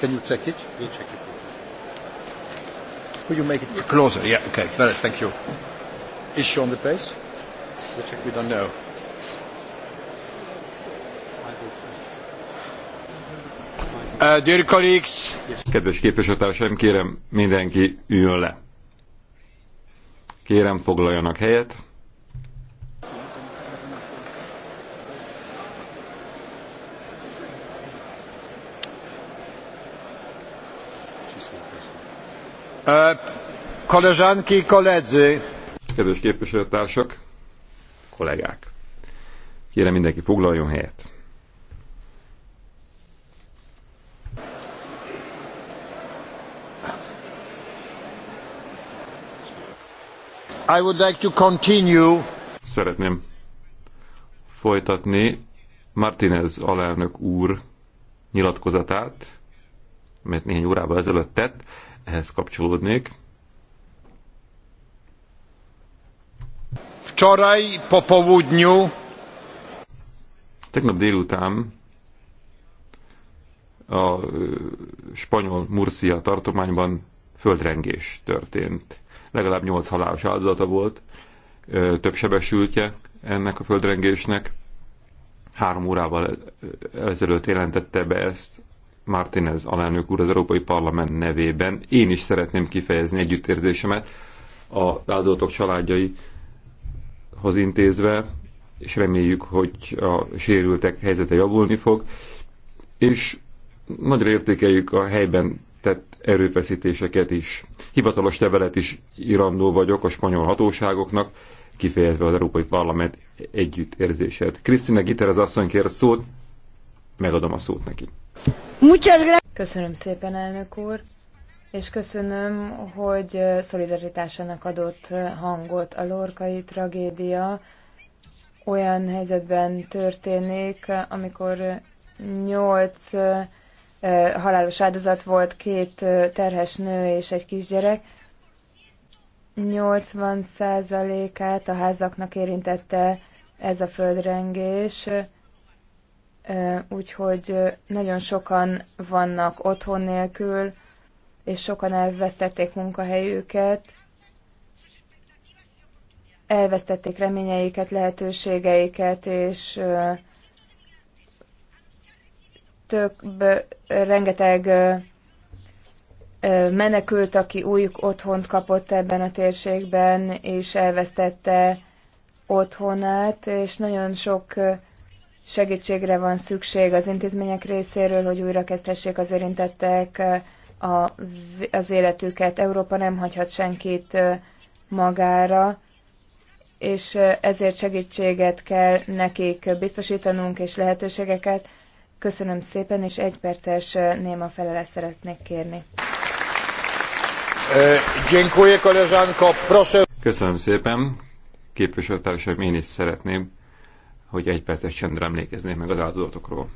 Can you check it? check it. Will you make it closer? Yeah, okay. Better, thank you. Is she on the place? check. We don't know. Uh, dear colleagues. Kedves képviselőtársaim, kérem mindenki üljön le. Kérem foglaljanak helyet. E, koleżanki koledzy! Kedves képviselőtársak, kollégák! Kérem mindenki foglaljon helyet. I would like to continue. Szeretném folytatni Martinez alelnök úr nyilatkozatát, mert néhány órával ezelőtt tett, ehhez kapcsolódnék. Wczoraj po Tegnap délután a spanyol Murcia tartományban földrengés történt. Legalább 8 halálos áldozata volt, több sebesültje ennek a földrengésnek. Három órával e-, ezelőtt jelentette be ezt Martinez alelnök úr az Európai Parlament nevében. Én is szeretném kifejezni együttérzésemet a áldozatok családjaihoz intézve, és reméljük, hogy a sérültek helyzete javulni fog, és nagyra értékeljük a helyben tett erőfeszítéseket is. Hivatalos tevelet is irandó vagyok a spanyol hatóságoknak, kifejezve az Európai Parlament együttérzését. Krisztina Giter az asszony kért szót, megadom a szót neki. Köszönöm szépen, elnök úr, és köszönöm, hogy szolidaritásának adott hangot. A lorkai tragédia olyan helyzetben történik, amikor nyolc halálos áldozat volt, két terhes nő és egy kisgyerek. 80%-át a házaknak érintette ez a földrengés úgyhogy nagyon sokan vannak otthon nélkül, és sokan elvesztették munkahelyüket, elvesztették reményeiket, lehetőségeiket, és több, rengeteg menekült, aki új otthont kapott ebben a térségben, és elvesztette otthonát, és nagyon sok segítségre van szükség az intézmények részéről, hogy újra az érintettek eh, a, az életüket. Európa nem hagyhat senkit eh, magára, és eh, ezért segítséget kell nekik biztosítanunk, és lehetőségeket. Köszönöm szépen, és egy perces néma felele szeretnék kérni. Köszönöm szépen. Képviselőtársaim, én is szeretném hogy egy perces csendre emlékeznék meg az áldozatokról.